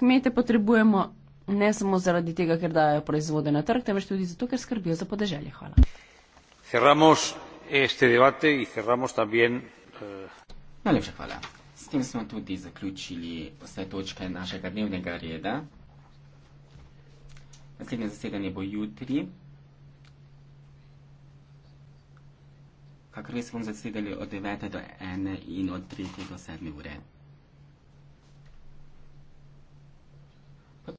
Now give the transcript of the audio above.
kmete potrebujemo ne samo zaradi tega, ker dajo proizvode na trg, temveč tudi zato, ker skrbijo za podeželje. Hvala. Cerramos este debate y cerramos también. Uh... Najlepša hvala. S tem smo tudi zaključili vse točke našega dnevnega reda. Naslednje zasedanje bo jutri. Kakor res bomo zasedali od 9 do 1 in od 3 do 7 ure.